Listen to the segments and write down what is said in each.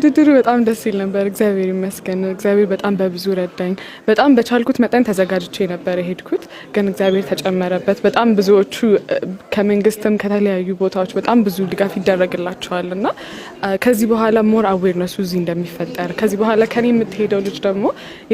ውድድሩ በጣም ደስ ይል ነበር። እግዚአብሔር ይመስገን። እግዚአብሔር በጣም በብዙ ረዳኝ። በጣም በቻልኩት መጠን ተዘጋጅቼ ነበር የሄድኩት፣ ግን እግዚአብሔር ተጨመረበት። በጣም ብዙዎቹ ከመንግስትም ከተለያዩ ቦታዎች በጣም ብዙ ድጋፍ ይደረግላቸዋል እና ከዚህ በኋላ ሞር አዌርነሱ እዚህ እንደሚፈጠር ከዚህ በኋላ ከኔ የምትሄደው ልጅ ደግሞ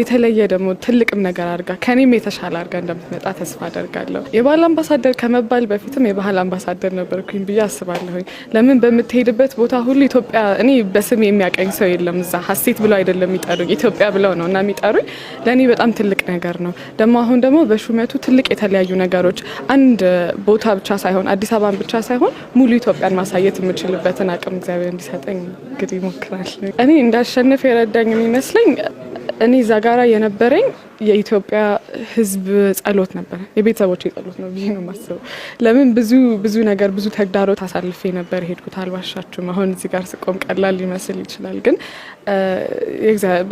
የተለየ ደግሞ ትልቅም ነገር አድርጋ ከኔም የተሻለ አድርጋ እንደምትመጣ ተስፋ አደርጋለሁ። የባህል አምባሳደር ከመባል በፊትም የባህል አምባሳደር ነበርኩኝ ብዬ አስባለሁኝ። ለምን በምትሄድበት ቦታ ሁሉ ኢትዮጵያ እኔ በስም የሚያ የሚያቀኝ ሰው የለም እዛ። ሀሴት ብለው አይደለም የሚጠሩኝ ኢትዮጵያ ብለው ነው እና የሚጠሩኝ ለእኔ በጣም ትልቅ ነገር ነው። ደግሞ አሁን ደግሞ በሹመቱ ትልቅ የተለያዩ ነገሮች አንድ ቦታ ብቻ ሳይሆን አዲስ አበባን ብቻ ሳይሆን ሙሉ ኢትዮጵያን ማሳየት የምችልበትን አቅም እግዚአብሔር እንዲሰጠኝ እንግዲህ ይሞክራል። እኔ እንዳሸንፍ የረዳኝ የሚመስለኝ እኔ እዛ ጋራ የነበረኝ የኢትዮጵያ ሕዝብ ጸሎት ነበር። የቤተሰቦች ጸሎት ነው ብዬ ነው ማስበው። ለምን ብዙ ብዙ ነገር ብዙ ተግዳሮት አሳልፌ ነበር ሄድኩት። አልዋሻችሁም። አሁን እዚህ ጋር ስቆም ቀላል ሊመስል ይችላል፣ ግን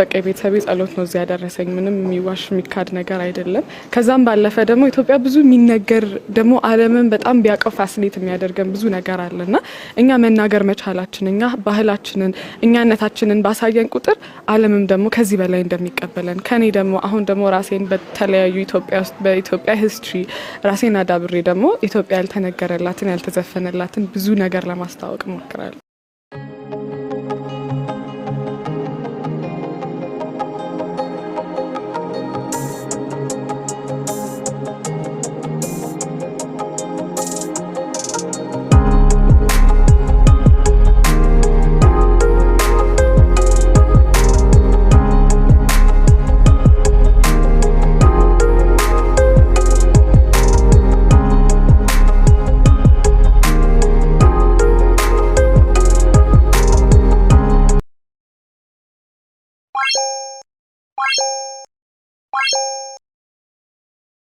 በቃ የቤተሰብ ጸሎት ነው እዚህ ያደረሰኝ። ምንም የሚዋሽ የሚካድ ነገር አይደለም። ከዛም ባለፈ ደግሞ ኢትዮጵያ ብዙ የሚነገር ደግሞ ዓለምን በጣም ቢያውቀው ፋሲኔት የሚያደርገን ብዙ ነገር አለና እኛ መናገር መቻላችን እኛ ባህላችንን እኛነታችንን ባሳየን ቁጥር ዓለምም ደግሞ ከዚህ በላይ እንደሚቀበለን ከኔ ደግሞ አሁን ደግሞ ራሴን በተለያዩ ኢትዮጵያ ውስጥ በኢትዮጵያ ሂስትሪ ራሴን አዳብሬ ደግሞ ኢትዮጵያ ያልተነገረላትን ያልተዘፈነላትን ብዙ ነገር ለማስታወቅ እሞክራለሁ።